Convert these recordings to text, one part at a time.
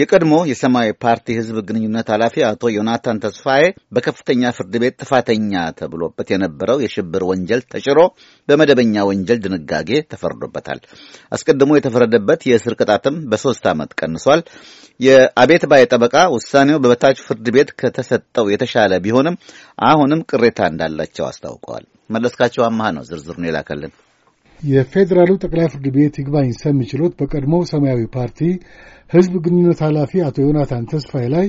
የቀድሞ የሰማያዊ ፓርቲ ህዝብ ግንኙነት ኃላፊ አቶ ዮናታን ተስፋዬ በከፍተኛ ፍርድ ቤት ጥፋተኛ ተብሎበት የነበረው የሽብር ወንጀል ተጭሮ በመደበኛ ወንጀል ድንጋጌ ተፈርዶበታል። አስቀድሞ የተፈረደበት የእስር ቅጣትም በሶስት ዓመት ቀንሷል። የአቤት ባይ ጠበቃ ውሳኔው በበታች ፍርድ ቤት ከተሰጠው የተሻለ ቢሆንም አሁንም ቅሬታ እንዳላቸው አስታውቀዋል። መለስካቸው አማሃ ነው ዝርዝሩን የላከልን። የፌዴራሉ ጠቅላይ ፍርድ ቤት ይግባኝ ሰሚ ችሎት በቀድሞው ሰማያዊ ፓርቲ ህዝብ ግንኙነት ኃላፊ አቶ ዮናታን ተስፋዬ ላይ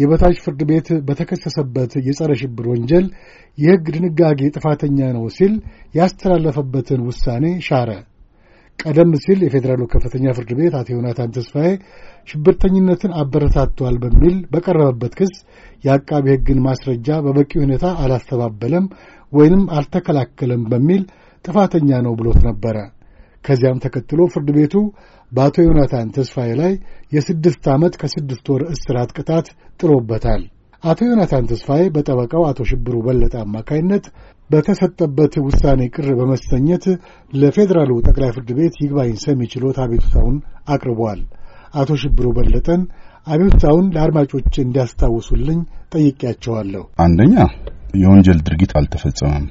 የበታች ፍርድ ቤት በተከሰሰበት የጸረ ሽብር ወንጀል የሕግ ድንጋጌ ጥፋተኛ ነው ሲል ያስተላለፈበትን ውሳኔ ሻረ። ቀደም ሲል የፌዴራሉ ከፍተኛ ፍርድ ቤት አቶ ዮናታን ተስፋዬ ሽብርተኝነትን አበረታቷል በሚል በቀረበበት ክስ የአቃቢ ሕግን ማስረጃ በበቂ ሁኔታ አላስተባበለም ወይንም አልተከላከለም በሚል ጥፋተኛ ነው ብሎት ነበረ። ከዚያም ተከትሎ ፍርድ ቤቱ በአቶ ዮናታን ተስፋዬ ላይ የስድስት ዓመት ከስድስት ወር እስራት ቅጣት ጥሎበታል። አቶ ዮናታን ተስፋዬ በጠበቃው አቶ ሽብሩ በለጠ አማካይነት በተሰጠበት ውሳኔ ቅር በመሰኘት ለፌዴራሉ ጠቅላይ ፍርድ ቤት ይግባኝ ሰሚ ችሎት አቤቱታውን አቅርቧል። አቶ ሽብሩ በለጠን አቤቱታውን ለአድማጮች እንዲያስታውሱልኝ ጠይቄያቸዋለሁ። አንደኛ የወንጀል ድርጊት አልተፈጸመም።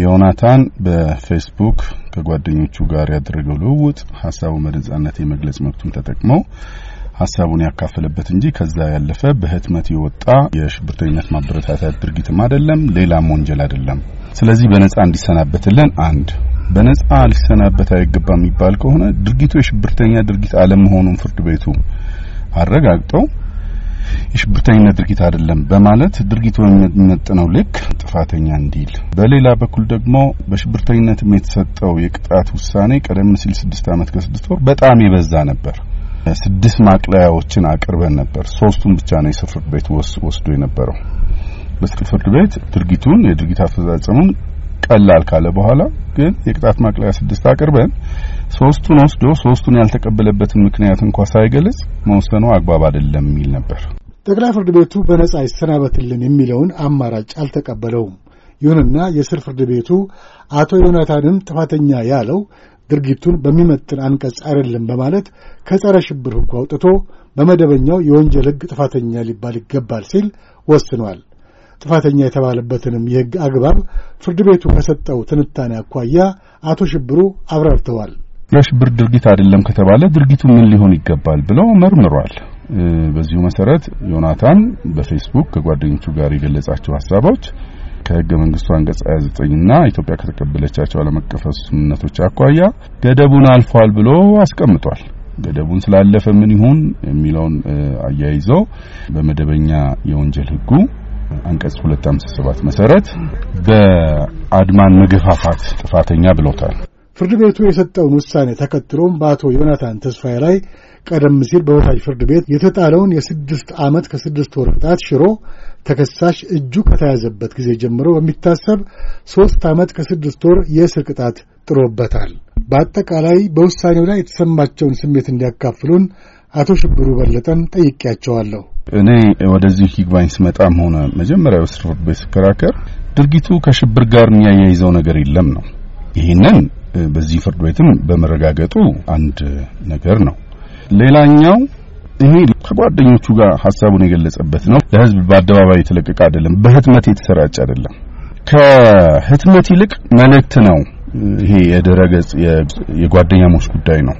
ዮናታን በፌስቡክ ከጓደኞቹ ጋር ያደረገው ልውውጥ ሀሳቡን በነጻነት የመግለጽ መብቱን ተጠቅመው ሀሳቡን ያካፈለበት እንጂ ከዛ ያለፈ በህትመት የወጣ የሽብርተኝነት ማበረታታት ድርጊትም አይደለም፣ ሌላም ወንጀል አይደለም። ስለዚህ በነጻ እንዲሰናበትልን አንድ በነጻ ሊሰናበት አይገባ የሚባል ከሆነ ድርጊቱ የሽብርተኛ ድርጊት አለመሆኑን ፍርድ ቤቱ አረጋግጠው የሽብርተኝነት ድርጊት አይደለም በማለት ድርጊቱ በሚመጥነው ልክ ጥፋተኛ እንዲል፣ በሌላ በኩል ደግሞ በሽብርተኝነትም የተሰጠው የቅጣት ውሳኔ ቀደም ሲል ስድስት ዓመት ከስድስት ወር በጣም የበዛ ነበር። ስድስት ማቅለያዎችን አቅርበን ነበር። ሶስቱን ብቻ ነው የስር ፍርድ ቤት ወስዶ የነበረው። በስር ፍርድ ቤት ድርጊቱን የድርጊት አፈጻጸሙን ቀላል ካለ በኋላ ግን የቅጣት ማቅለያ ስድስት አቅርበን ሶስቱን ወስዶ ሶስቱን ያልተቀበለበትን ምክንያት እንኳ ሳይገለጽ መወሰኑ አግባብ አይደለም የሚል ነበር። ጠቅላይ ፍርድ ቤቱ በነጻ ይሰናበትልን የሚለውን አማራጭ አልተቀበለውም። ይሁንና የስር ፍርድ ቤቱ አቶ ዮናታንን ጥፋተኛ ያለው ድርጊቱን በሚመጥን አንቀጽ አይደለም በማለት ከጸረ ሽብር ሕጉ አውጥቶ በመደበኛው የወንጀል ሕግ ጥፋተኛ ሊባል ይገባል ሲል ወስኗል። ጥፋተኛ የተባለበትንም የሕግ አግባብ ፍርድ ቤቱ ከሰጠው ትንታኔ አኳያ አቶ ሽብሩ አብራርተዋል። የሽብር ድርጊት አይደለም ከተባለ ድርጊቱ ምን ሊሆን ይገባል ብለው መርምሯል። በዚሁ መሰረት ዮናታን በፌስቡክ ከጓደኞቹ ጋር የገለጻቸው ሀሳቦች ከህገ መንግስቱ አንቀጽ 29 እና ኢትዮጵያ ከተቀበለቻቸው ዓለም አቀፍ ስምምነቶች አኳያ ገደቡን አልፏል ብሎ አስቀምጧል። ገደቡን ስላለፈ ምን ይሁን የሚለውን አያይዘው በመደበኛ የወንጀል ህጉ አንቀጽ 257 መሰረት በአድማን መገፋፋት ጥፋተኛ ብሎታል። ፍርድ ቤቱ የሰጠውን ውሳኔ ተከትሎም በአቶ ዮናታን ተስፋዬ ላይ ቀደም ሲል በበታች ፍርድ ቤት የተጣለውን የስድስት ዓመት ከስድስት ወር ቅጣት ሽሮ ተከሳሽ እጁ ከተያዘበት ጊዜ ጀምሮ በሚታሰብ ሦስት ዓመት ከስድስት ወር የእስር ቅጣት ጥሎበታል። በአጠቃላይ በውሳኔው ላይ የተሰማቸውን ስሜት እንዲያካፍሉን አቶ ሽብሩ በለጠን ጠይቄያቸዋለሁ። እኔ ወደዚህ ይግባኝ ስመጣም ሆነ መጀመሪያ እስር ፍርድ ቤት ስከራከር ድርጊቱ ከሽብር ጋር የሚያያይዘው ነገር የለም ነው ይህንን በዚህ ፍርድ ቤትም በመረጋገጡ አንድ ነገር ነው። ሌላኛው ይሄ ከጓደኞቹ ጋር ሀሳቡን የገለጸበት ነው። ለህዝብ በአደባባይ የተለቀቀ አይደለም፣ በህትመት የተሰራጨ አይደለም። ከህትመት ይልቅ መልእክት ነው። ይሄ የድረገጽ የጓደኛሞች ጉዳይ ነው።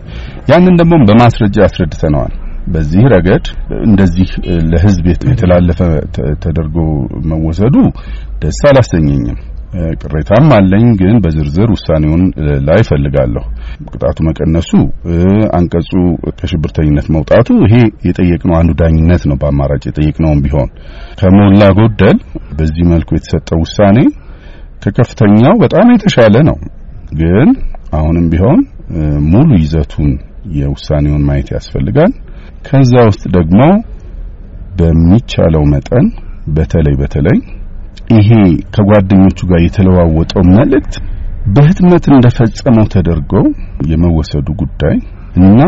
ያንን ደግሞ በማስረጃ አስረድተነዋል። በዚህ ረገድ እንደዚህ ለህዝብ የተላለፈ ተደርጎ መወሰዱ ደስ አላሰኘኝም። ቅሬታም አለኝ፣ ግን በዝርዝር ውሳኔውን ላይ ፈልጋለሁ። ቅጣቱ መቀነሱ፣ አንቀጹ ከሽብርተኝነት መውጣቱ ይሄ የጠየቅነው አንዱ ዳኝነት ነው። በአማራጭ የጠየቅነውም ቢሆን ከሞላ ጎደል በዚህ መልኩ የተሰጠው ውሳኔ ከከፍተኛው በጣም የተሻለ ነው። ግን አሁንም ቢሆን ሙሉ ይዘቱን የውሳኔውን ማየት ያስፈልጋል። ከዛ ውስጥ ደግሞ በሚቻለው መጠን በተለይ በተለይ ይሄ ከጓደኞቹ ጋር የተለዋወጠው መልእክት በህትመት እንደፈጸመው ተደርጎ የመወሰዱ ጉዳይ እና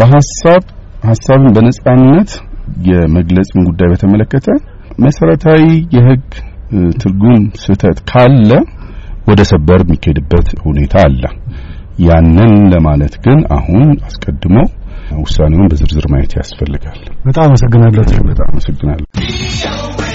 በሀሳብ ሀሳብን በነጻነት የመግለጽን ጉዳይ በተመለከተ መሰረታዊ የህግ ትርጉም ስህተት ካለ ወደ ሰበር የሚካሄድበት ሁኔታ አለ። ያንን ለማለት ግን አሁን አስቀድሞ ውሳኔውን በዝርዝር ማየት ያስፈልጋል። በጣም አመሰግናለሁ። በጣም አመሰግናለሁ።